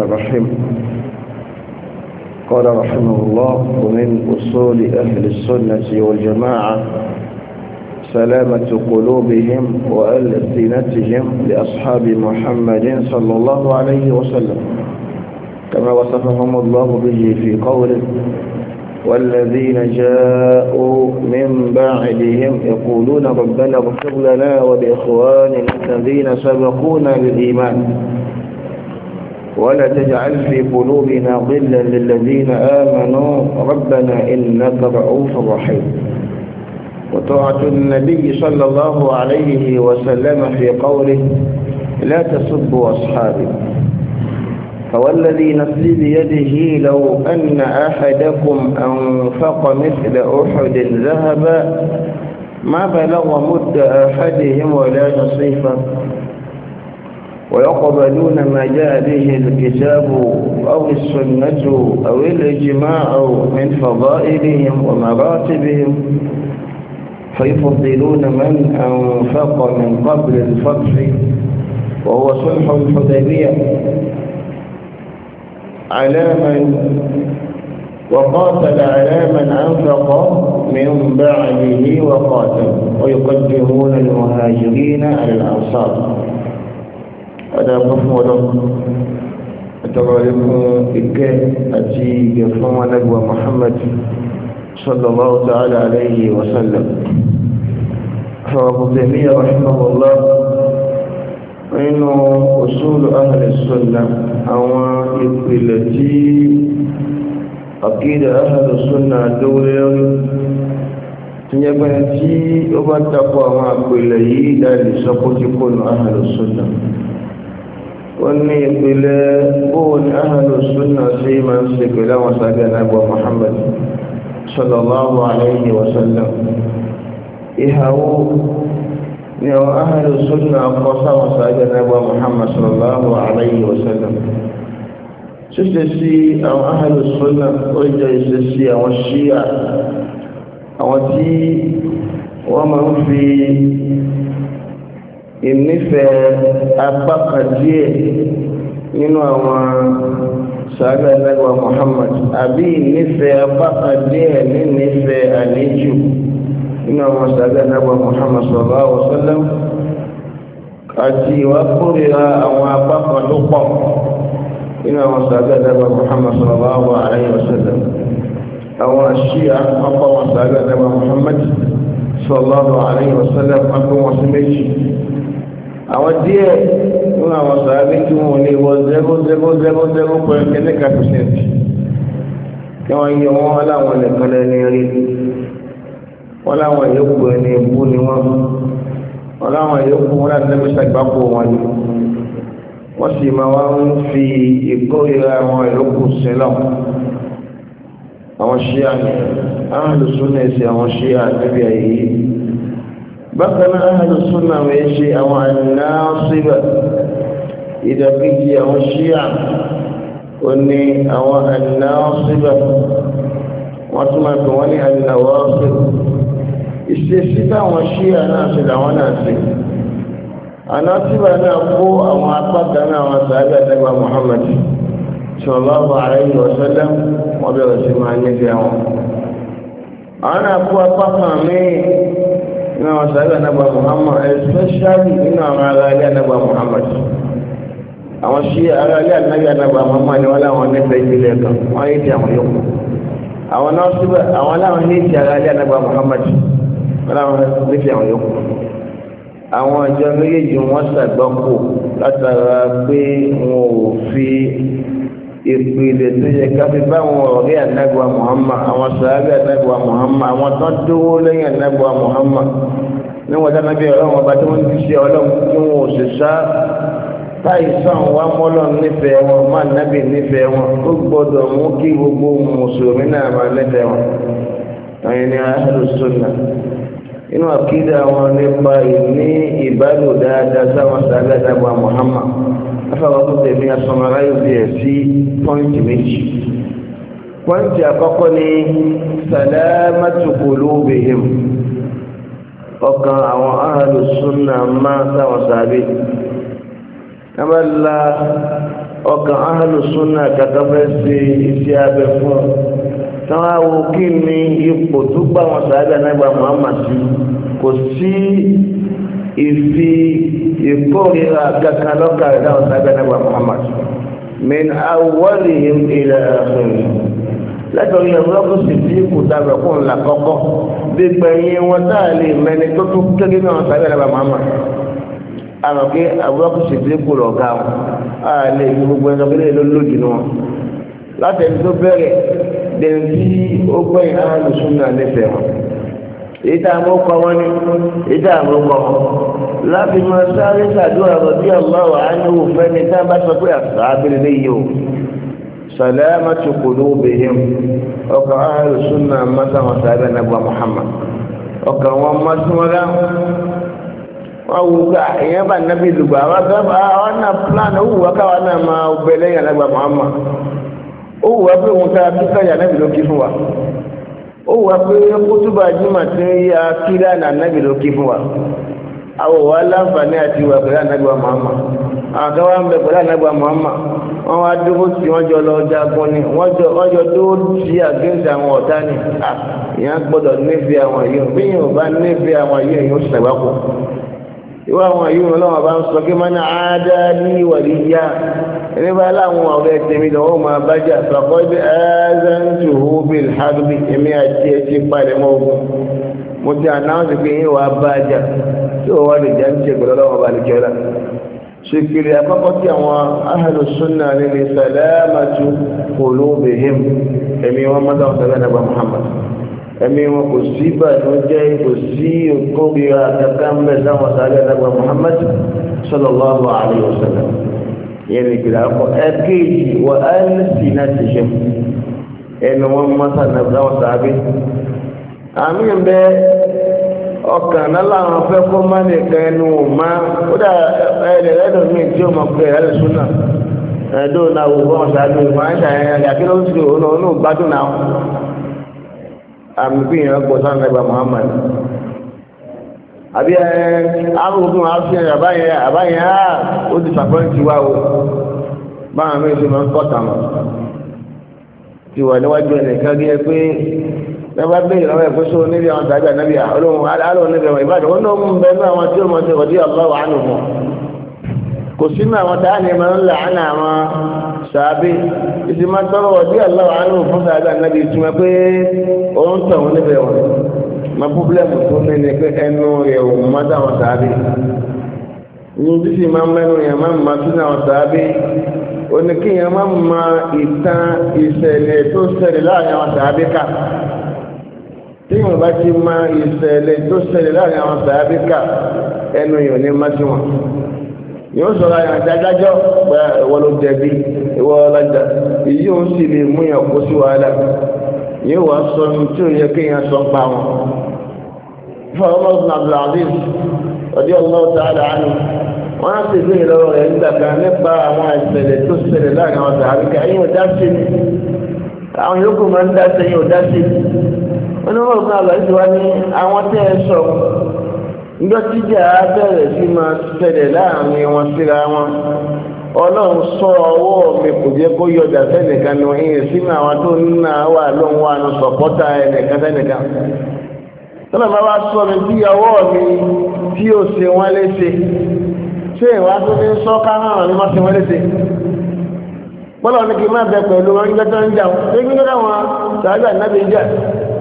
الرحيم قال رحمه الله ومن أصول أهل السنة والجماعة سلامة قلوبهم وألسنتهم لأصحاب محمد صلى الله عليه وسلم كما وصفهم الله به في قوله والذين جاءوا من بعدهم يقولون ربنا اغفر لنا ولإخواننا الذين سبقونا بالإيمان ولا تجعل في قلوبنا غلا للذين آمنوا ربنا إنك رؤوف رحيم وطاعة النبي صلى الله عليه وسلم في قوله لا تسبوا أصحابي فوالذي نفسي بيده لو أن أحدكم أنفق مثل أحد ذهبا ما بلغ مد أحدهم ولا نصيفه ويقبلون ما جاء به الكتاب أو السنة أو الإجماع من فضائلهم ومراتبهم فيفضلون من أنفق من قبل الفتح وهو صلح الحديبية على من وقاتل على من أنفق من بعده وقاتل ويقدمون المهاجرين على الأنصار ọ̀dà fún fún ọ̀dọ́ ẹ̀tọ́rọ̀ ikún ìkẹ́ àti ìgẹ̀ fún anábíwá Muhammad sallallahu ta'ala alayhi wa sallam فابن تيمية رحمه الله nínú usulu ahli sunnah àwọn ìpìlẹ̀ tí àkídà ahli sunnah dórí lórí tí ó bá tako àwọn àpìlẹ̀ yìí dáìlì sọ tí kò nù ahli sunnah wọ́n ní ìpìlẹ̀ bóun ahàlù súnà sí máa ń ṣe pẹ̀lú àwọn sàbẹ̀ àgbà Muhammad sallallahu alayhi wa sallam ìhàwó ni àwọn ahàlù súnà kọ́ sáwọn sàbẹ̀ àgbà Muhammad sallallahu alayhi wa sallam ṣíṣe sí àwọn ahàlù súnà ó jẹ́ ìṣe sí àwọn ṣíà àwọn tí wọ́n máa ń fi ìnífẹ̀ẹ́ apá kan díẹ̀ nínú àwọn sàgbà ẹgbẹ́ Muhammad àbí ìnífẹ̀ẹ́ apá kan díẹ̀ nínífẹ̀ẹ́ àlejò nínú àwọn sàgbà ẹgbẹ́ Muhammad sallallahu alaihi wasallam àti ìwà kórìíra àwọn apá kan tó pọ̀ nínú àwọn sàgbà ẹgbẹ́ Muhammad sallallahu alaihi wasallam àwọn àṣìyà apá wọn sàgbà ẹgbẹ́ Muhammad sallallahu alaihi wasallam apá wọn sí méjì àwọn díẹ̀ nínú àwọn sàábí tí wọn ò wọ zero zero zero zero point kẹ́lẹ́ka percent kí wọ́n yẹ wọn láwọn nìkan lẹ́ni rí wọn láwọn yòókù ẹni ibú ni wọn wọn láwọn yòókù wọn láti lẹ́gbẹ̀ẹ́ ṣàgbákò wọn ni wọ́n sì máa wá ń fi ìkórìíra àwọn ìlókù sílọ̀ àwọn ṣíà ni àwọn ìlú súnlẹ̀ sí àwọn ṣíà níbi ẹ̀yìn bákan náà ahlu sunna àwọn ẹṣẹ àwọn àìnáṣíbà ìdàkejì àwọn ṣíà ó ní àwọn àìnáṣíbà wọ́n tún máa pè wọ́n ní àìnáwọ́síbà ìṣesí táwọn ṣíà náà ṣe làwọn náà ṣe ànáṣíbà náà kó àwọn apá kan náà wọn àtẹgbà Muhammad sallallahu alayhi wa sallam bẹ̀rẹ̀ sí máa nífẹ̀ẹ́ wọn àwọn náà kó apá kan míì nínú àwọn sàbẹ̀ anábà Muhammad especially nínú àwọn ará ilé anábà Muhammad àwọn sí ará ilé anábà Muhammad ni wọ́n láwọn nífẹ̀ẹ́ ìpínlẹ̀ kan wọ́n yé ti àwọn yòókù àwọn náà síbẹ̀ àwọn aláwọn ní ti ara ilé àdàgbà Muhammad aláwọn ní ti àwọn yòókù àwọn àjọ méjèèjì wọn ṣàgbọ́kù látara pé wọn ò fi ìpìlẹ̀ tó yẹ káfí báwọn ọ̀rẹ́ ànágbà Muhammad àwọn sàárẹ̀ ànágbà Muhammad àwọn tó ń dówó lẹ́yìn ànágbà Muhammad níwọ̀n dáná bí ọlọ́run ọba tí wọ́n ti ṣe ọlọ́run tí wọ́n sì sá táìsàn wa mọ́lọ̀ nífẹ̀ẹ́ wọn má nábì nífẹ̀ẹ́ wọn ó gbọ́dọ̀ mú kí gbogbo mùsùlùmí náà máa nífẹ̀ẹ́ wọn ni inú àkídà wọn nípa ìní ìbálò dáadáa sáwọn ànágbà afẹ́wọ́n tó tẹ̀mí asọ̀mọ́ráyò bí ẹ̀ sí pọ́ǹtì méjì pọ́ǹtì àkọ́kọ́ ni salamatu qulubihim ọkàn àwọn ahlu sunna máa táwọn sàbí kábàlá ọkàn ahlu sunna kàkà fẹ́ ṣe iṣẹ́ abẹ fún un táwọn awo kí ni ipò tó gbà wọn sàbí anágbà Muhammad sí kò sí ìfi ìkórira kankan lọ́kà ẹ̀dá ọ̀sán abẹ́nàgbà Muhammad min awwalihim ila akhirih látọ̀rí ọ̀rọ̀kọ̀ sì tí kò dábẹ̀ fún ńlá kọ́kọ́ gbígbà yín wọn táà lè mẹni tó tún kéde náà sábẹ́ ẹ̀dá Muhammad àmọ́ pé àbúrọ́kù sì tí kò wọn a lè fi gbogbo ẹ̀dá pé lè lójú ni wọn látẹ̀ni tó bẹ̀rẹ̀ dẹ̀ntí ó gbẹ̀yìn alùsùn náà lẹ́sẹ̀ ìdààmú kọ wọn ni ìdààmú kọ wọn láti máa sáré sàdúrà rọbí ọlọ́wà ánìwò fẹ́ni tá a bá sọ pé àṣà abẹ́rẹ́ léyìí o sàlẹ́mà tó kò ló bèèyàn ọkọ̀ ahàlù súnà mọ́tàwọn sàbẹ̀ nàgbà Muhammad ọkọ̀ wọn mọ́túnmọ́lá wọn wù ká ìyẹn bá nàbí lùgbà wọn ah, plan ó wù wá náà máa yàn nàgbà Muhammad ó wù wá pé òun ká nàbí ló kí fún wa. ó wà pé kótóbà jimá ti ń yá kíra nà nábì ló kí fún wa àwọn wa láǹfààní àti ìwà pẹ̀lú ànágbà Muhammad àwọn kan wá ń bẹ pẹ̀lú ànágbà Muhammad wọ́n wá dúró tí wọ́n jọ lọ jagun ni wọ́n jọ dúró tí àgéǹsì àwọn ọ̀tá ni ìyẹn gbọ́dọ̀ nífẹ̀ẹ́ àwọn yìí bí yìí ò bá nífẹ̀ẹ́ àwọn yìí yóò ṣàgbákò ìwọ àwọn yìí wọn lọ́wọ́ bá ń sọ kí máa ń àádá ní ìwàlí yá ẹni bá láwọn ọ̀rẹ́ tèmi lọ́wọ́ máa bá jà sọ̀kọ́ bí ẹ́ẹ́sẹ̀ ń tù ú bí ìhàdùbí èmi àti ẹtí palẹ̀ mọ́ ogun mo ti ànáwọ̀sì pé yín wàá bá jà tí ó wà lè jà ń ṣe pẹ̀lú ọlọ́wọ́ bá lè ṣèkìrì àkọ́kọ́ tí àwọn ahàlù súnà nínú sàlámàtú kòlóbìhìm ẹ̀mí wọn mọ́tà ọ̀sẹ̀ ẹ̀mí wọn kò sí ìbànújẹ́ kò sí ìkórira kankan ń bẹ sáwọn sàlẹ̀ ẹ̀dàgbà Muhammad sallallahu alayhi wa sallam yẹn ní ìgbìlá kọ ẹ̀kejì wọ ẹ̀ẹ́nìsì náà ti ṣe ẹ̀mí wọn mọ́tà náà sáwọn sàbẹ̀ àmì ń bẹ ọkàn náà làwọn fẹ́ kó má nìkan ẹnu ò má ó dà ẹ̀ẹ́dẹ̀ lẹ́dọ̀ mi tí ó mọ̀ pé ẹ̀ẹ́dẹ̀ súnà ẹ̀ẹ́dọ̀ náà wò bọ́n ṣáájú ìfọ̀nṣà ẹ̀ẹ́dẹ̀ àkíló ń sùn òun náà gbádùn náà àmì pé èèyàn gbọ́ sáà Muhammad àbí ẹ arúgbó àfihàn àbáyẹn àbáyẹn á ó ti sàpẹ́ǹtì wá o báwọn mi ṣe máa ń kọ́ tàmà ti wà níwájú ẹnìkan bí ẹ pé lọ́wọ́ bẹ́ẹ̀ lọ́wọ́ ẹ̀kọ́ sọ níbi àwọn tàbí ànábì àlóhùn alóhùn níbi àwọn ìbàdàn wọn náà mú bẹ́ẹ̀ náà wọn tí ó mọ̀ ṣe ọ̀dí ọ̀lọ́wọ̀ àánú mọ̀ kò sínú àwọn táwọn ènìyàn máa ń là sàábé ìdí máa tọrọ ọdí aláwọ àánú fún sàábé ànábi ìtumọ̀ pé òun tọ àwọn níbẹ̀ wọn ma pọblẹmù tó ní ni pé ẹnu rẹ ò má dá àwọn sàábé ní bí sì máa mẹnu yẹn máa ma tún àwọn sàábé oníkéyàn máa ma ìtàn ìṣẹ̀lẹ̀ tó ṣẹlẹ̀ láàrin àwọn sàábé kà tí wọn bá ti ma ìṣẹ̀lẹ̀ tó ṣẹlẹ̀ láàrin àwọn sàábé kà ẹnu yìí ò ní má sí wọn yóò sọ̀rọ̀ àdájọ́ pé ìwọ ló jẹ̀bi ìwọ ọlájà èyí ò sì lè mú yàn kó sí wàhálà yóò wá sọ ní tí ò yẹ kí yàn sọ pa wọn. fọwọ́n ọ̀sán abdulaziz ọdí ọlọ́wọ́ sáádà ánú wọ́n á sì gbé ìlọ́rọ̀ rẹ̀ nígbà kan nípa àwọn ìṣẹ̀lẹ̀ tó ṣẹlẹ̀ láàrin àwọn sàárì ká yín sí ni àwọn yòókù máa ń dá sẹ́yìn ò dá sí ni wọ́n ní wọ́n nígbà tíjà bẹ̀rẹ̀ sí máa ṣẹlẹ̀ láàrin wọn síra wọn ọlọ́run sọ ọwọ́ mi kò jẹ́ kó yọjà sẹ́nìkan sínú àwọn tó ń wà ló ń wà ní sọ̀pọ́tà ẹnìkan sẹ́nìkan tọ́lá wá sọ mi bí ọwọ́ mi tí ṣe wọ́n léṣe ṣé ìwà tó ní sọ wọ́n ṣe wọ́n léṣe bọ́lá ní kí n má bẹ pẹ̀lú wọn nígbà tó ń jà wọn ṣé kí n tó dáwọn sàájú ànábì jà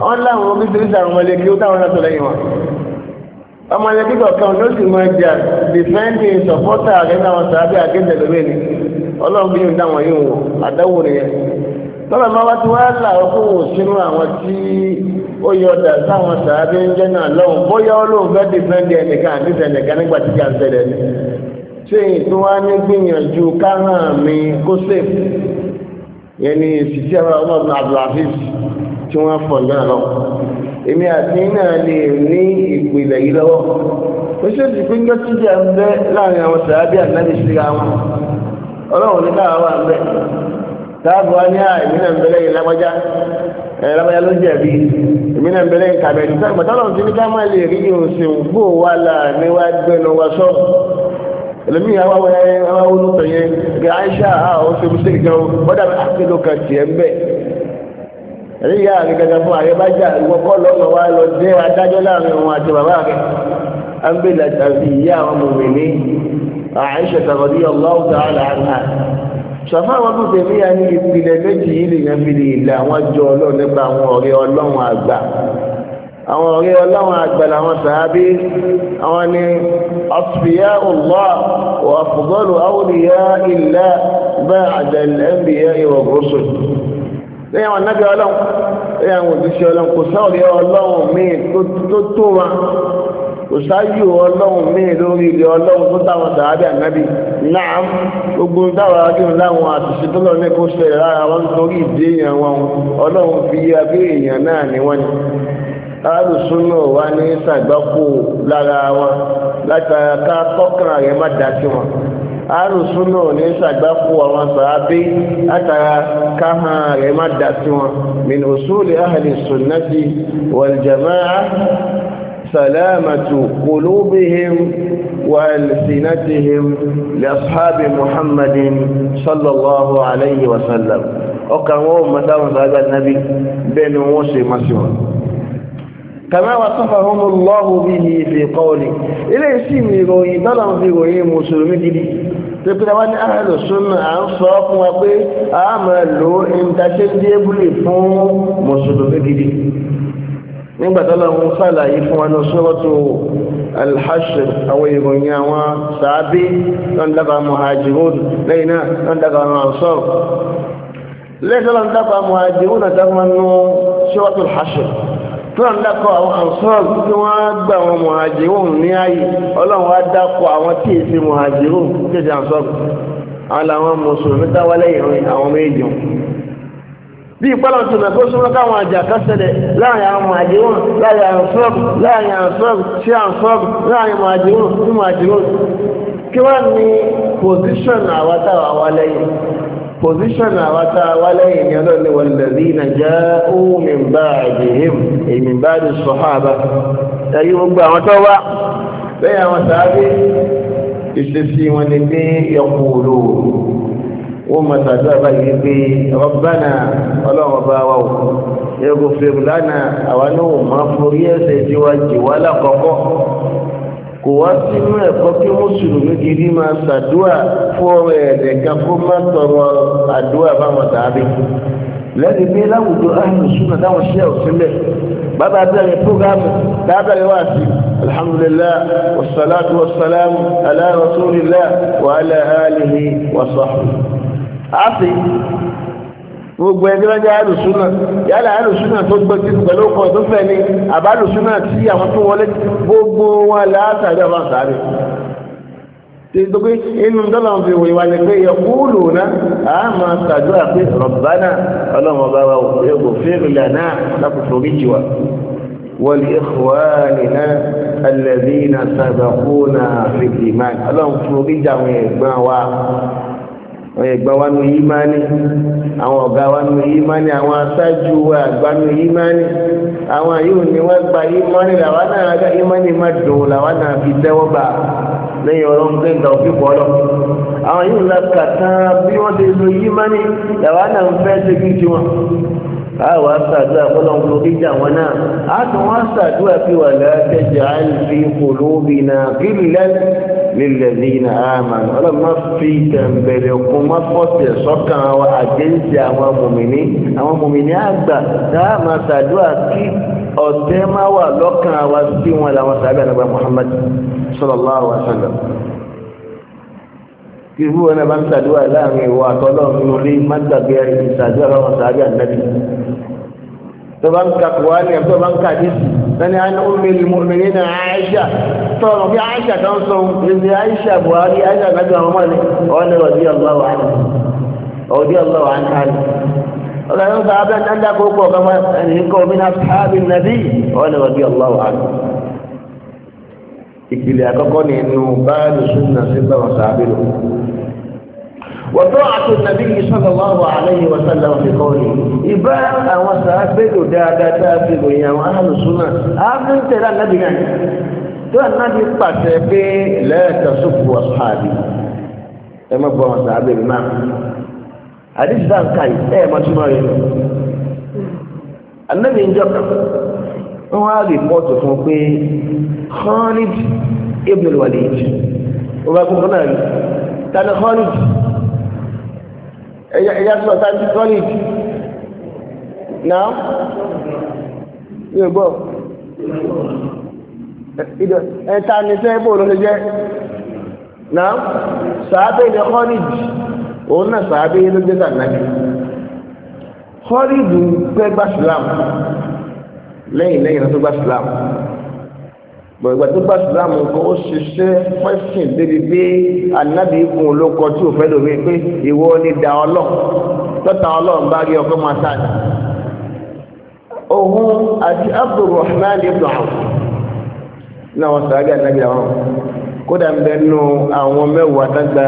wọn láwọn ó táwọn náà ọmọdé kíkọ̀ kan ló sì mọ ẹja dìfẹ́ǹdì sọ̀pọ́tà rẹ̀ náà sàbí àkéde lórí ni ọlọ́run bí yóò dáwọn yóò wò àdáwò rẹ̀ tọ́lọ̀ máa wá ti tí ó yọ ọ̀dà sáwọn sàbí ń jẹ́ náà bóyá ọlọ́run fẹ́ dìfẹ́ǹdì ẹnìkan àti ìsẹ̀nìkan nígbà tí kí a ń ṣẹlẹ̀ ni ṣé ètò ní gbìyànjú mi èmi àti náà lè ní ìpìlẹ̀ yìí lọ́wọ́ ó ṣe ti pín gbẹ́tí jẹ́ ń bẹ́ láàrin àwọn sàábì ànábì síra wọn ọlọ́run ní káwa wà ń bẹ́ táàbù wa ní àìmí náà ń bẹ́lẹ̀ yìí lágbájá ẹ̀ lágbájá ló jẹ̀bi èmi náà ń bẹ́lẹ̀ yìí kàbẹ̀ ní sáàgbà tọ́lọ́run ti ní ká má lè rí ìhùnsìn gbò wà láàrin wá gbẹ́nu wa sọ ẹlẹ́mìí àwọn àwọn olùtọ̀yẹn gẹ̀ àìṣà àwọn oṣù ẹ̀rí ìyá rẹ̀ gẹ́gẹ́ fún ààrẹ bá jà ìwọ kọ́ lọ́nà wa lọ dé adájọ́ láàrin òun àti bàbá rẹ̀ ámbélà tàbí ìyá àwọn mòmìnì Àìṣà tàbí Allahu ta'ala anha ṣọ̀fà àwọn tó tẹ̀lé ya ní ìpìlẹ̀ méjì yìí lè yan fi lè là àwọn àjọ ọlọ́run nípa àwọn ọ̀rẹ́ ọlọ́run àgbà àwọn ọ̀rẹ́ ọlọ́run àgbà làwọn sàábí àwọn ni ọ̀fìyà ọ̀lọ́ wà awliya illah ba'da al-anbiya wa rusul lẹ́yìn àwọn anábì ọlọ́run lẹ́yìn àwọn òjíṣẹ́ ọlọ́run kò sáwọ̀lẹ́ ọlọ́run míì tó tó wa kò sáyù ọlọ́run míì lórí ilẹ̀ ọlọ́run tó táwọn sàábì ànábì náà gbogbo táwọn adéhùn láwọn àṣìṣe tó lọ ní kó wọn torí ìdí èèyàn wọn ọlọ́run fi abé èèyàn náà ní wọn ni wa ní sàgbákò lára wọn látara ká àrùsùn náà ní ṣàgbákò àwọn sàábé látara káhàn rẹ̀ má dà sí wọn min usuli ahli sunnati wal jama'a سلامة قلوبهم وألسنتهم لأصحاب محمد صلى الله عليه وسلم وكان هو مساوى هذا النبي بين موسى مسيون كما وصفهم الله به في قوله إليه سيمي روي بلغ في روي مسلم جديد pípẹ́ wọn ní àlò súnà à ń sọ fún wa pé a máa lo interchangeable fún mùsùlùmí gidi nígbà tó lọ́wọ́ ń sàlàyé fún wa ní sọ́rọ́tò alhashr àwọn ìròyìn àwọn sàábí tó ń muhajirun lẹ́yìn náà tó ń lẹ́yìn tó ń muhajirun àtàwọn nù sọ́rọ́tò ọlọ́run dákọ̀ àwọn ansọ́ọ̀ tí wọ́n gbà wọn mọ̀hàjírùn ní ààyè ọlọ́run wá dákọ̀ àwọn tí èsì mọ̀hàjírùn kéde ansọ́ọ̀ àwọn làwọn mùsùlùmí táwálẹ̀ ìrìn àwọn méjì bí ìpàlọ̀ tó mẹ́kọ́ súnmọ́ káwọn àjà kásẹ̀lẹ̀ láàrin àwọn mọ̀hàjírùn láàrin ansọ́ọ̀ láàrin ansọ́ọ̀ sí ansọ́ọ̀ láàrin mọ̀hàjírùn sí position àwọn tá a wá lẹ́yìn ní ọlọ́ni walladhina ja'u min ba'dihim min ba'di sahaba ẹ̀yí gbogbo àwọn tó wá lẹ́yìn àwọn sàábí ìṣesí wọn ni pé yaqulu wọ́n máa sàdúrà báyìí pé rabbana ọlọ́run ọba wa ò yaghfir lana àwọn náà máa forí ẹ̀ṣẹ̀ tí wàá jì wá lákọ̀ọ́kọ́ kò wá sínú ẹ̀kọ́ kí mùsùlùmí gidi máa ṣàdúà fún ọrọ̀ ẹ̀dẹ̀ kan kó má tọrọ àdúà báwọn tàbí. lẹ́nu pé láwùjọ àìsàn súnà táwọn ṣe òsínlẹ̀ bàbá bẹ̀rẹ̀ fúgàmù dábẹ̀rẹ̀ wá sí alhamdulillah wasalaatu wasalaamu ala rasulillah wa ala alihi wa sahbihi gbogbo ẹni wọn jẹ alùsùnà yálà alùsùnà tó gbọ́ títí pẹ̀lú ọkọ tó fẹ́ ni àbá alùsùnà tí àwọn tó wọlé gbogbo wọn látàrí àwọn sáré tẹ̀síọ́gbé inú dọ́là ń fi wò ìwà lẹ́gbẹ́ yẹ kúlù náà a máa ṣàdúrà pé rọ̀bánà ọlọ́mọ bá wa ògbó fèrèlà náà lákòókò oríjì wa wọ́n ìkọ̀wáàlì náà alẹ́bí náà fìdí máa ọlọ́run fún oríjì àwọn ẹ̀gbọ́n wa ẹgbà wa nu yìí máa ní àwọn ọ̀gá wa nu yìí máa ní àwọn aṣáájú wa àgbà nu yìí máa ní àwọn yóò ní wọ́n gba yìí máa ní làwọn náà gba yìí máa ní má dùn làwọn náà fi tẹ́wọ́ gbà lẹ́yìn ọlọ́run pé nǹkan òfin pọ̀ lọ. àwọn yóò la kàtà bí wọ́n ti lo yìí máa ní làwọn náà ń fẹ́ ṣe kí tiwọn. a wàá ṣàdúrà fọlọ́n kí jà wọn náà a tún wá ṣàdúrà fi wà látẹ̀jà àìsí kòlóbìnà kí lílẹ̀dínà àmàlà ọlọ́mọ fi tẹ̀m̀bẹ̀rẹ̀ òkun má fọ́tẹ̀ sọ́kàn wa àjẹ́ǹsì àwọn mòmìnì àwọn mòmìnì àgbà táà máa ṣàdúrà kí ọ̀tẹ̀ má wà lọ́kàn wa sí wọn làwọn sàbẹ̀ àgbà Muhammad sallallahu alaihi wasallam kí irú wọn ń ṣàdúrà láàrin ìwọ àtọ́lọ́run tọba ń ka kùwárì àti tọba ń ka dísì lẹ́ni àná ummil mu'minina àìṣà tọrọ bí àìṣà kan sọ ẹni àìṣà buhari àìṣà kájú àwọn ọmọ rẹ̀ ọ̀nà ọ̀dí ọ̀láwà àná ọ̀dí ọ̀láwà àná àná ọ̀gá yóò sọ abẹ́ ní ẹ̀dá kókó ọ̀gá máa ẹni kọ́ mi náà sábì nàbí ọ̀nà ọ̀dí ọ̀láwà àná. ìpìlẹ̀ àkọ́kọ́ nínú báyọ̀ sunna sí báwọn sábì وطاعة النبي صلى الله عليه وسلم في قوله إبا وسأبد دادا تابد يا أهل السنة أمن ترى النبي يعني ترى النبي قتبي لا تسب أصحابي أما هو وسأبد ما حديث ذا كاي إيه ما تمارين النبي انجب wọ́n á rìpọ́tù fún pé Khalid ibn al-Walid ọba kúkú náà tani Khalid ẹja tó ọ̀tá ti solid náà yóò gbọ́ ẹ̀ta ni tẹ́ bò ló lè jẹ́ náà sàábẹ́ ni khalid òun náà sàábẹ́ ló jẹ́ sànàkì khalid pẹ́ gbà sùlám lẹ́yìn lẹ́yìn tó gbà sùlám gbọ̀gbà tó bá sùlámù kan ó ṣiṣẹ́ fẹ́sìn débi pé anábì ikùn olóko tí ò fẹ́ lómi pé ìwọ ni da ọlọ́ tọ́ta ọlọ́run bá rí ọkọ máa sáàdì òun àti abdulrahman ibn awf náà wọn sàágà anábì àwọn kódà ń bẹ nù àwọn mẹ́wàá dágbà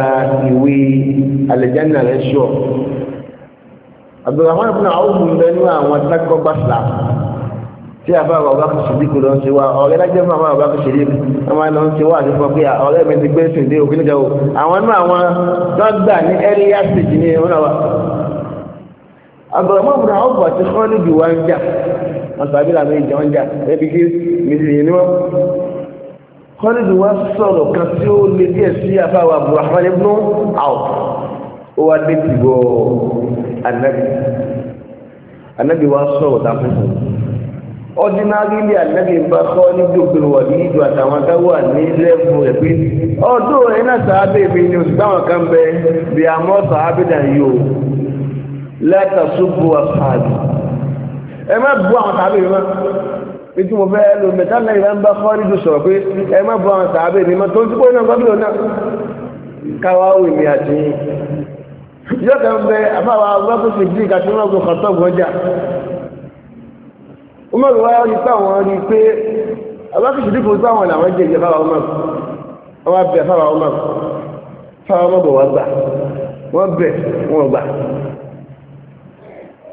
ìwé alẹ́jáde rẹ̀ ṣọ́ abdulrahman ibn awf ń bẹ nù àwọn dákọ̀ gbàsílámù tí a bá wà bá kùsùn díkù lọ sí wa ọ̀rẹ́ lájẹ́ fún àwọn àbá kùsùn díkù wọ́n máa lọ sí wa àti fún pé ọ̀rẹ́ mi ti gbé sùn dé òkú níjà o àwọn náà àwọn dọ́gba ní ẹ́ríyá stage ní ìwọ́n náà wa. àbọ̀rọ̀mọ́ fúnra ọ̀bọ̀ àti kọ́ọ̀lù jù wá ń jà wọ́n tàbí làwọn ìjà ń jà ẹbí kí mìsìlì ni wọ́n. kọ́ọ̀lù jù wá sọ̀rọ̀ kan tí ó le díẹ̀ sí àbáwọ̀ àbúrò àfọlẹ́ ordinarily anabi bá kọ́ ní gbogbo wàbí ìjọ àtàwọn tó wà ní lẹ́fù rẹ̀ pé ọdún ẹ̀ sàábẹ̀ mi ni oṣù táwọn kan bẹ bí àmọ́ sàábẹ̀ náà yóò látàṣubú àfààní ẹ má bu àwọn sàábẹ̀ mi mọ́ ètò mo fẹ́ lò mẹ́ta lẹ́yìn bá ń bá kọ́ nídìí sọ̀rọ̀ pé ẹ má bu àwọn sàábẹ̀ mi mọ́ tó ń tí kò gbọ́dọ̀ náà káwá wì mí àti yọ̀ọ̀kan bẹ Umar wá rí pé àwọn rí pé alákìsí dípò pé àwọn làwọn jẹ ìjẹba ọmọ wọn wá bẹ fáwọn ọmọ fáwọn ọmọ bọ̀ wá gbà wọ́n bẹ̀ wọ́n gbà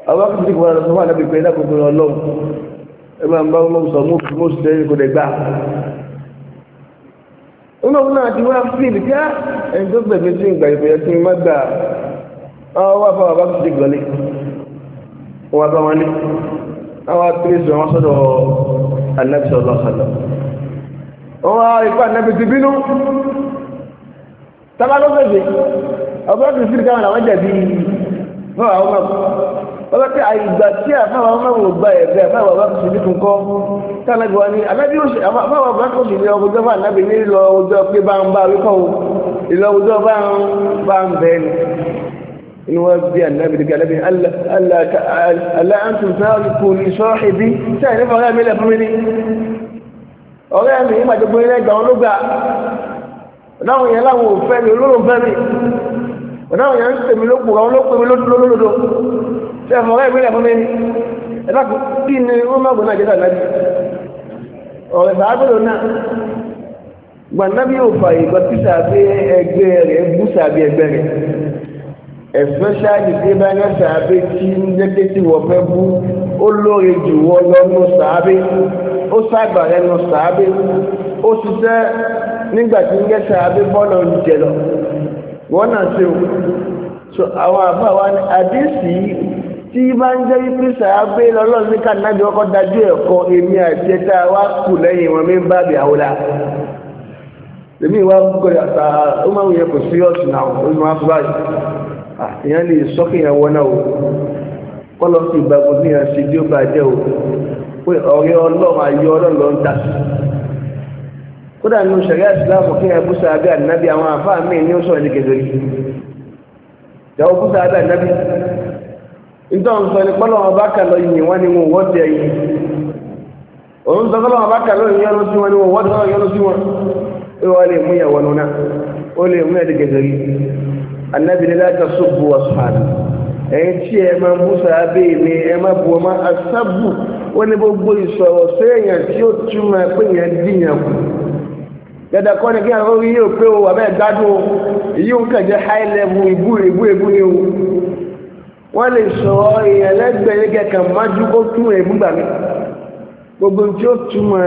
alákìsí dípò wọn lọ́sọ̀wọ́n àdábì pé lákòókò ọlọ́run ẹ máa ń bá ọmọ sọ mú mú sí ẹni kò dé gbà Umar náà ti wá fíìlì kí á ẹni tó gbẹ̀mí sí ìgbà ìfẹ̀yẹ sí má gbà àwọn wá fáwọn alákìsí dípò lọ́lé wọn bá wọn lé àwọn akérésì wọn sọ́dọ̀ anabi sọlọ sọlọ wọn wá ikú anabi ti bínú tábà ló fẹsẹ̀ ọgbọ́n tó sílẹ̀ káwọn làwọn jẹ̀bi náà àwọn ọmọ wọn bá pẹ àyìnbá tí àfáwọn ọmọ wò gba ẹgbẹ́ àfáwọn ọmọ tó ti kọ tánàbí wọn ni anabi ó ṣe àfáwọn ọmọ tó ní ọgbọjọ fún inú wọn bí ànábì dìgbà ànábì aláàtún sáàlù kò ní sọ́ọ̀hì bí sáà nípa ọ̀rẹ́ mi lẹ̀ fún mi ní ọ̀rẹ́ mi ìgbà tó gbé lẹ́gbàá wọn ló gbà láwọn yẹn láwọn ò fẹ́ mi olóró fẹ́ mi láwọn yẹn ń tèmi ló pò àwọn ló pè mí lólódodo ṣe é fọ̀rẹ́ mi lẹ̀ fún mi ní ẹ̀dá kí ni wọ́n má gbọ́n náà jẹ́ta náà ọ̀rẹ́ sàágbọ́dọ̀ náà gbàǹdàbí yóò fà ìgbà tí sàbí ẹgbẹ́ rẹ̀ bú sàbí ẹgbẹ́ rẹ̀ especially tí bá ní sàábé tí ń jẹ́kẹ́ tí wọ́n fẹ́ bú ó lóore jù wọ́ lọ́nu sàábé ó sábà lẹ́nu sàábé ó ṣiṣẹ́ nígbà tí ń wọ́n náà ṣe o so àwọn àbá wa ní àdéhùsì tí bá ń jẹ́ wípé sàábé lọ́lọ́run kànáàbí ọkọ̀ dájú ẹ̀kọ́ èmi àti ẹ̀ta wa kù lẹ́yìn wọn mi ń bá bí àwòrán èmi èèyàn lè sọ kí èèyàn wọná o kọ́lọ́ sí ìgbàgbọ́ bí èèyàn ṣe bí ó bá jẹ́ o pé ọ̀rẹ́ ọlọ́run ayé ọlọ́run ló ń ta sí kódà nínú sẹ̀rẹ́ ìsìláàmù kí èèyàn búṣà abẹ́ ànábì àwọn ní ó sọ̀rọ̀ ní ìyàwó búṣà ànábì sọ ọba yìnyín wọn ni wọn wọ́n tẹ̀ yìí òun ọba yìnyín wọn ni wọn anabi ni láti sọ́bù ọ̀sán ẹ̀yìn tí ẹ máa bú sàábé mi ẹ máa bú ọmọ asábù ó ní gbogbo ìsọ̀rọ̀ séèyàn tí ó túmọ̀ pé yẹn dìyàn kù dada kọ́ kí àwọn orí yóò pé o àbẹ́ gbádùn o èyí ń high level ìbú ìbú ìbú ni o wọ́n lè sọ èèyàn lẹ́gbẹ̀ẹ́ yẹn kẹ̀kẹ́ májú ó tún èébú gbogbo tí ó túmọ̀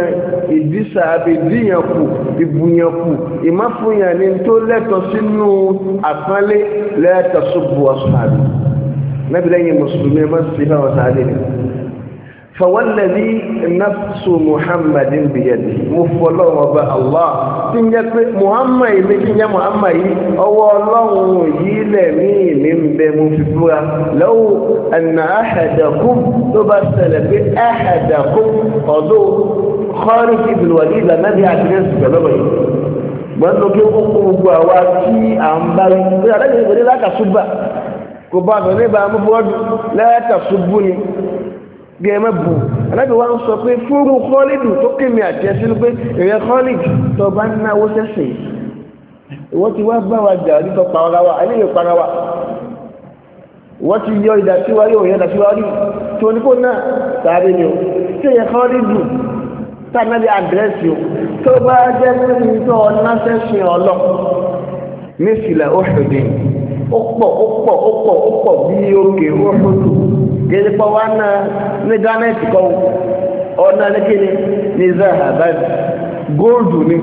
ìdísà àbẹ̀díyànkù ìbùyànkù ìmáfúnyàn ni tó lẹ́tọ̀ sínú àpọ́nlé lẹ́tọ̀ sóbù ọ̀sán àbí mẹ́bìlẹ́yìn mùsùlùmí ẹ má sí báwọn sáré nìkan fọwọ́lẹ̀bí nafsu muhammad biyadi mo fọlọ́ ọba allah tí ń jẹ́ pé muhammad mi tí ń jẹ́ muhammad yìí ọwọ́ ọlọ́run yìí lẹ̀mí mi ń bẹ mo fi búra lọ́wọ́ ẹ̀nà ahadakum ló bá ṣẹlẹ̀ pé ahadakum ọ̀dọ́ kọ́rí ti bìlù wà ní bí àdírẹ́sì pẹ̀lú ọ̀rọ̀ yìí wọ́n lọ kí ó gbogbo àwa tí à ń bá rí bí adájọ́ ìgbẹ́dẹ́ lákàtúbà kò bá àbẹ̀rẹ̀ bá mú bọ́ọ̀dù lẹ́yà kàtúbù ni gẹ̀ẹ́mẹ́ bù alábì wa ń sọ pé fúrú kọ́lìdù tó àti ẹsẹ̀ pé tó bá ń náwó sẹ́sẹ̀ ìwọ́n ti wá bá wa jà nípa para wa para wa ìwọ́n ti yọ tàbí ni o tí èrè kọ́lìdù àdírẹ́sì o tó bá jẹ́ pé tó ọ̀nà sẹ́sìn ọlọ́ ó ṣòdì ó pọ̀ ó pọ̀ ó pọ̀ ó pọ̀ gẹ́gẹ́ pọ̀ wá náà ní gánẹ́tì kan ọ̀nà nìkíni ní zahabad góòdù ni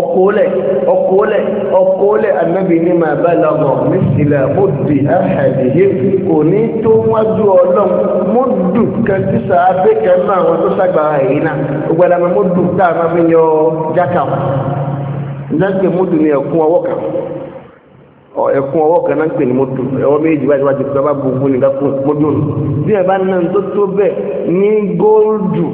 ọkọọlẹ ọkọọlẹ ọkọọlẹ anabi ni màá bá lọgọ mísìlẹ mọdì ahàdìyẹ kò ní tó muddu Ọlọ́run mọdù kẹntì sàábẹ kẹmọ àwọn tó sàgbà yìí náà gbogbo àdàmọ mọdù tá a máa fi yọ jákàá nígbà tí ni ẹkún ọwọ́ ẹkún ọwọ́ kan náà ń pè ní mọ́tò ẹwọ́ méjì báyìí wájú pé ọba gbogbo nìkan kún mọ́tò nù bí ẹ bá ná tó tó bẹ́ẹ̀ ní góòdù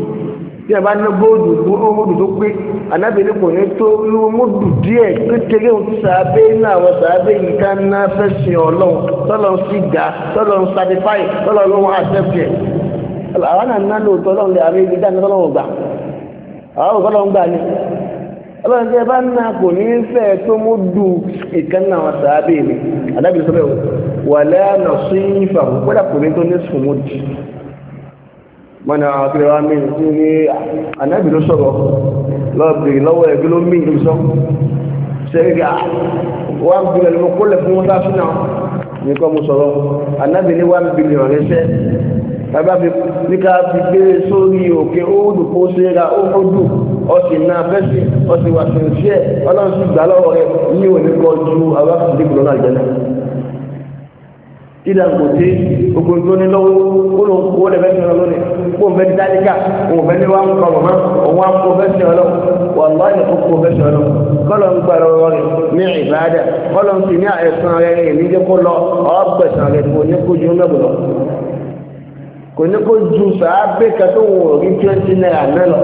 bí ẹ bá ná góòdù góòdù tó pé anábìrin kò ní tó lu mọ́tò díẹ̀ kékeré ohun tí sàábé ní àwọn sàábé yìí ká ná fẹ́ sin ọlọ́run tọ́lọ́ ń sì dá tọ́lọ́ ń satisfy tọ́lọ́ ń wọ́n àtẹ́fẹ́ àwọn àná lóòótọ́ ọlọ́run lè àrí ibi dáná tọ́lọ́ ẹbára tí ẹ bá náà kò ní fẹ́ tó mú du ìkan náà wọn sàábì ni àdábì sọ bẹ́ẹ̀ wà lẹ́yìn sí ìfà kódà kò ní tó ní sùmùtì mọ́nà àwọn akérè wa mí ní ní ànábì ló sọ̀rọ̀ lọ́ọ̀bì lọ́wọ́ ẹ̀ ló mí ìlú sọ sẹ́ríkà wà ń bìlẹ̀ lọ́wọ́ kó lẹ̀ fún wọn sáfínà nìkan mo sọ̀rọ̀ ànábì ní wà ń bìlẹ̀ rẹ̀ sẹ́ bàbá fi ní ká fi gbé sórí òkè òòdù kó ṣera òòdù ọ̀sìn náà fẹ́sì ọ̀sìn wà sùn sí ẹ̀ ọlọ́run sì gbà lọ́wọ́ rẹ̀ ní òní kọ́ ju abáfíìsì kúrò náà jẹ́nà. ìdá kò dé gbogbo ìgbó ní lọ́wọ́ kó ló ń kó lẹ́fẹ́ sí ọ lónìí kó ń fẹ́ ní dáríkà òun fẹ́ ní wá ń kọ mọ̀mọ́ òun á kó fẹ́ sí ọ lọ wàlúwà ní kó kó fẹ́ sí ọ lọ kọ́lọ̀ ń gbà lọ́wọ́ rẹ̀ ní ìbáadà kọ́lọ̀ ń sì ní àìsàn rẹ̀ ní ìdíkó lọ ọ́ kò ní kó ju sàábé kan tó wọ̀ rí twenty naira náà lọ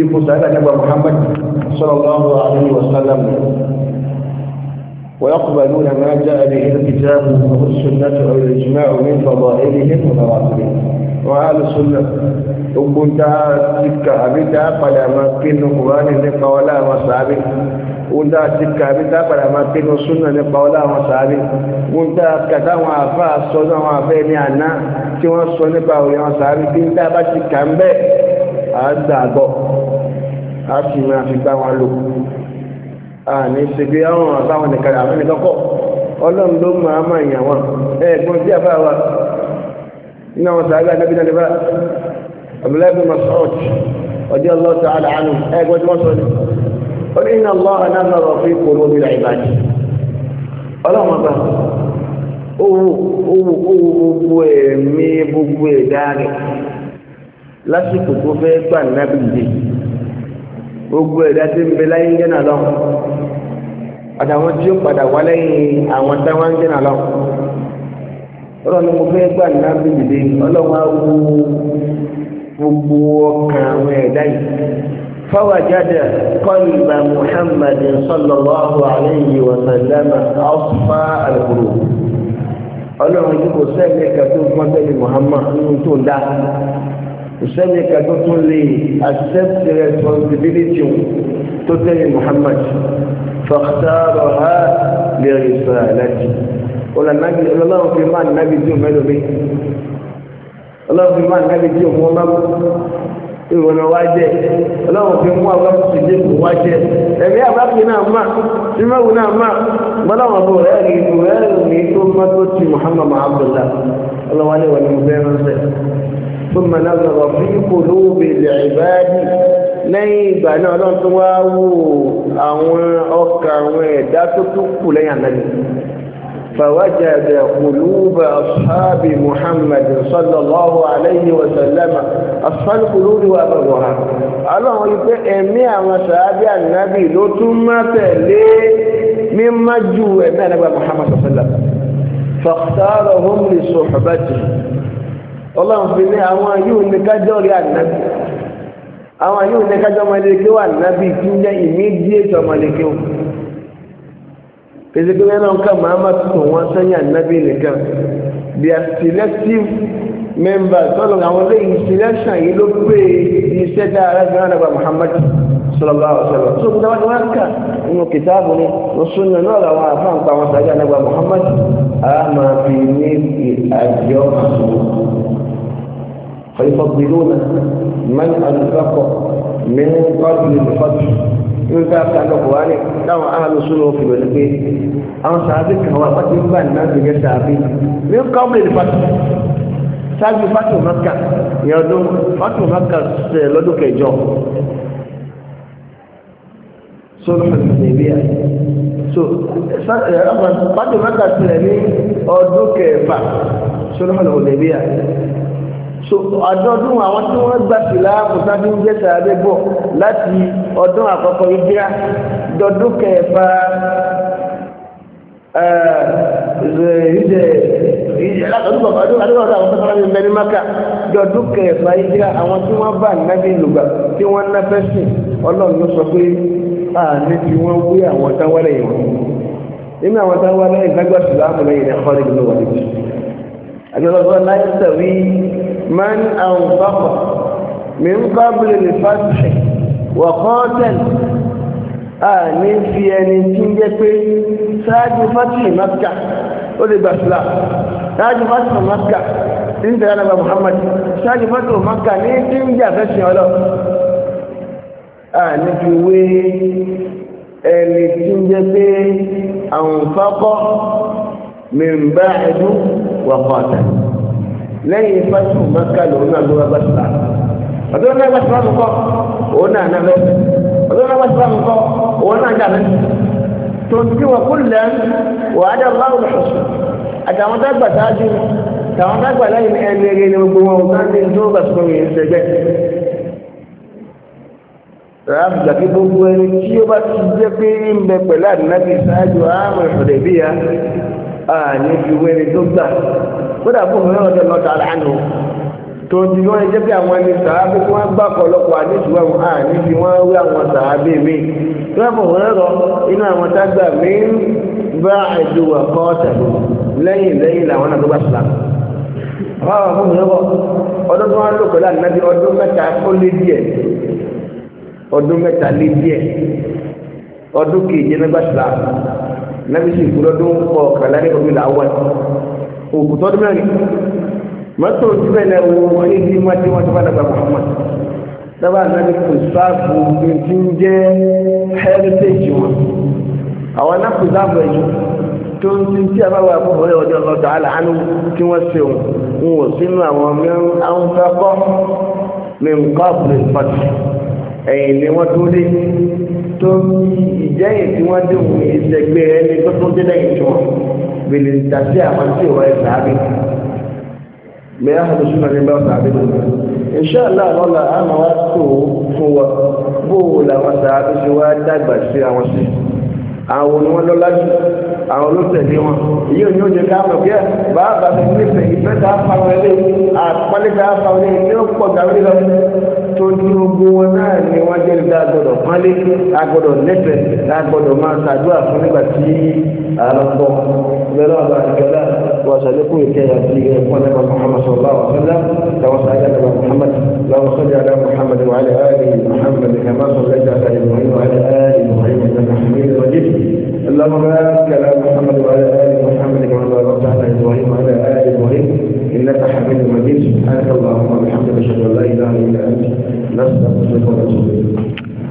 ipò sàábé àgbà Muhammad sallallahu alaihi wa sallam ويقبلون ما جاء به الكتاب والسنة أو الإجماع من فضائلهم ومراتبهم وأهل السنة وكنت تكة أبدا فلا مكن قرآن لقولا وصحابه wọ́n dá ti kàbí dápàdà máa pínu súnà nípa ọlá àwọn sàábì wọ́n dá kàtà àwọn àfà sọ ní àwọn àfẹ́ ní àná tí wọ́n sọ nípa òye àwọn sàábì bí ń dá bá ti kà ń bẹ́ẹ̀ á dàgbọ́ á fi máa fi bá wọn lò àní ṣègbè àwọn àbáwọn nìkan àwọn nìkan ọlọ́run ló máa máa yàn wọn ẹ̀ẹ́dùn sí àbá wa nínú àwọn sàábì àgbẹ̀bí náà nípa Abdullahi bin Mas'ud ọjọ́ tí wọ́n sọ ní. ó ní na lọ́wọ́ anáfẹ́rọ̀ fi kúrò bí owó gbogbo ẹ̀mí gbogbo ẹ̀dá rẹ̀ lásìkò tó fẹ́ gbà nábìlì gbogbo ẹ̀dá tí ń bẹ láyé ń lọ àtàwọn tí ó padà wá lẹ́yìn àwọn táwọn ń فوجد قلب محمد صلى الله عليه وسلم أصفى القلوب ọlọ́run yìí kò sẹ́ni ẹ̀ka tó ń pọ́ńtẹ́lì Muhammad nínú tó ń dá kò sẹ́ni tún lè accept responsibility tó tẹ́lì Muhammad فاختارها لرسالته ọlọ́run fi máa nàbí tí ò mẹ́lòmí ọlọ́run fi máa nàbí tí ò mọ́ máa ìrònà wá jẹ ọlọ́run fi mú àwọn ọkùnrin ṣe kò wá jẹ ẹ̀mí àbáfi náà mà ìmọ̀wù náà mà gbọ́dọ̀wọ̀n bò rẹ̀ rí rẹ̀ rí tó tó ti muhammadu abdullah ọlọ́wà ní wọn ni mo ránṣẹ́ tó mọ̀ náà lọ́rọ̀ fi kò lówó bèèrè ìbáàdì lẹ́yìn ìgbà náà ọlọ́run tó wá wò àwọn ọkà àwọn ẹ̀dá tó kù lẹ́yìn قلوب أصحاب محمد صلى الله عليه وسلم أصحاب القلوب وأبوها Ọlọ́run ipe ẹ̀mí àwọn sàábí ànábì ló tún má tẹ̀lé mímá ju ẹ̀mí ànábì Muhammad sọ̀sọ̀lá fàkítàrọ̀ hómìnì sọ̀fàbàtì Ọlọ́run fi ní àwọn yóò ní kájọ́ rí ànábì àwọn yóò ní kájọ́ ọmọdé kí wà ànábì tún jẹ́ immediate ọmọdé kí wọ́n ezeke bẹ́ẹ̀ náà ká màmá tuntun wọn sẹ́yìn ànábì nìkan they are selective members sọ́dọ̀ àwọn lẹ́yìn selection yìí ló pé iṣẹ́ dára gan anagba Muhammad sallallahu alaihi wasallam so kúta wọn wọn kà nínú kìtáàbù ni lọ́sùn náà náà làwọn àfa ń pa sàgé anagba Muhammad àmà fi ní àjọ فيفضلون من أنفق من قبل الفتح yóò fẹ́ àkàndọ̀ buhari táwọn aráàlú sún lọ́wọ́ fìlọ̀ ní pé àwọn sàábì kan wà pàtó ń bá nínú àgbègbè sàábì ní kọ́ọ̀mù lè fàtó sáájú fàtó maka ní ọdún fàtó maka ṣe lọ́dún kẹjọ sọ́dún nàìjíríà so fàtó maka ṣe ní ọdún kẹfà sọ́dún nàìjíríà so ọdọọdún àwọn tí wọ́n gbà sílá mùsàbí ń jẹ́sà abẹ́ bọ̀ láti ọdún àkọ́kọ́ ìdíra dọdún kẹfà dọdún kẹfà ìdíra àwọn tí wọ́n bá nábì lùgbà tí wọ́n ná fẹ́sìn ọlọ́run ló sọ pé a ní tí wọ́n wí àwọn táwọ́lẹ̀ yìí wọ́n nínú àwọn táwọ́lẹ̀ ìgbàgbọ́sùlá àmúlẹ̀yìn ẹ̀kọ́ nígbà wà níbi àgbẹ̀lọ́gbọ́n láì sẹ̀rí من أنفق من قبل الفتح وقاتل àní fi ẹni tí ń jẹ́ pé ṣáájú fásitì Mákkà ó lè gbà sílá ṣáájú fásitì Mákkà tí ń tẹ̀lé ànábà Muhammad ṣáájú fásitì Mákkà ní tí ń jẹ́ àfẹ́sìn ọlọ́ àní fi wé ẹni tí ń jẹ́ pé àwọn fákọ́ mìíràn bá ẹdún wà pàtàkì lẹ́yìn fásitì mọ́ká lòun náà ló wá bá sílá ọdún náà bá sílá nǹkọ́ òun náà náà lẹ́sẹ̀ ọdún náà bá sílá nǹkọ́ òun náà dà lẹ́sẹ̀ tó ti wọ́n kú lẹ́ wà á dá báwọn lọ́sọ̀ àtàwọn dàgbà sáájú àtàwọn dàgbà lẹ́yìn ẹni ẹgbẹ́ ni gbogbo wọn wọn ní tó bá sọ yìí ń sẹgbẹ́ ràbùdà kí gbogbo ẹni tí ó bá ti jẹ́ pé ń bẹ pẹ̀lú àdínábì sáájú àmọ̀ ìfọ̀dẹ̀bíyà àní fi wẹ́ni tó gbà kódà fún òun náà lọ́dọ̀ lọ́ta lánàá tó ti wọ́n jẹ́ pé àwọn ẹni sàábé tí wọ́n gbà pọ̀lọpọ̀ àdéṣùwọ̀n àní fi wọ́n wé àwọn sàábé mi tó wọ́n fòun rọ inú àwọn tágbà mi ń bá àdúwà kọ́ tẹ̀lé lẹ́yìn lẹ́yìn làwọn náà sílá rọ ọdún tó wọ́n lò pẹ̀lú ọdún mẹ́ta ó lé díẹ̀ ọdún mẹ́ta lé díẹ̀ ọdún kejì òkú tọ́dún mẹ́rin mọ́tò tí bẹ́ẹ̀ lẹ́wọ́ wọ́n ní bí wọ́n ti wọ́n ti bá dàgbà Muhammad dábàá náà ní kò sáàbù tí ń jẹ́ heritage wọn àwọn náà sáàbù ẹ̀jọ́ tó ń sin tí a bá wà fún ọ̀rẹ́ ọjọ́ ọ̀dọ̀ aláàánú tí wọ́n ṣe òun wọn ò sínú àwọn mẹ́rin àwọn fẹ́ kọ́ mi ń kọ́ àbúrò ìpàdé ẹ̀yìn ni wọ́n tó dé tó ìjẹ́yìn tí wọ́n dé òun ìṣẹ̀gbẹ́ ẹni tó tó dé lẹ́yìn bèlè ìtàsí àwọn tí ò wáyé sàábì mẹ́rin àwọn oṣù náà ní bá sàábì lò iṣẹ́ aláàlọ́lá àmọ́ wá tó fún wa bóòwò làwọn sàábì ṣe wá dàgbà sí àwọn sí àwọn ni wọ́n lọ lájú àwọn ló tẹ̀lé wọn èyí ò ní oúnjẹ ká mọ̀ bí ẹ bàbá mi nífẹ̀ẹ́ ìfẹ́ ká fa wọn àpọ́nlé ká fa wọn ní ó pọ̀ gàrí lọ tó ní ogun wọn náà ni wọ́n jẹ́ nígbà gbọ́dọ̀ pọ́nlé agbọ́dọ̀ lẹ́fẹ̀ẹ́ agbọ́dọ̀ máa ṣàdúrà fún nígbà tí àlọ́pọ̀ bẹ̀rẹ̀ ọba àgbẹ̀dá wọ́n ṣàlékún ìkẹyà sí ẹ̀kọ́ nípa Muhammad sallallahu alaihi wasallam lọ́wọ́ sàáyà nípa Muhammad lọ́wọ́ sọ́jà alá Muhammad wa alẹ́ ààrẹ Muhammad kama sọ̀rọ̀ alá Ibrahim wa alẹ́ ààrẹ Ibrahim ẹ̀dá Muhammad wajib اللهم بارك على محمد وعلى ال محمد كما باركت على ابراهيم وعلى ال ابراهيم إنك حميد مجيد سبحانك اللهم وبحمدك أشهد أن لا إله إلا أنت نستغفرك ونتوب إليك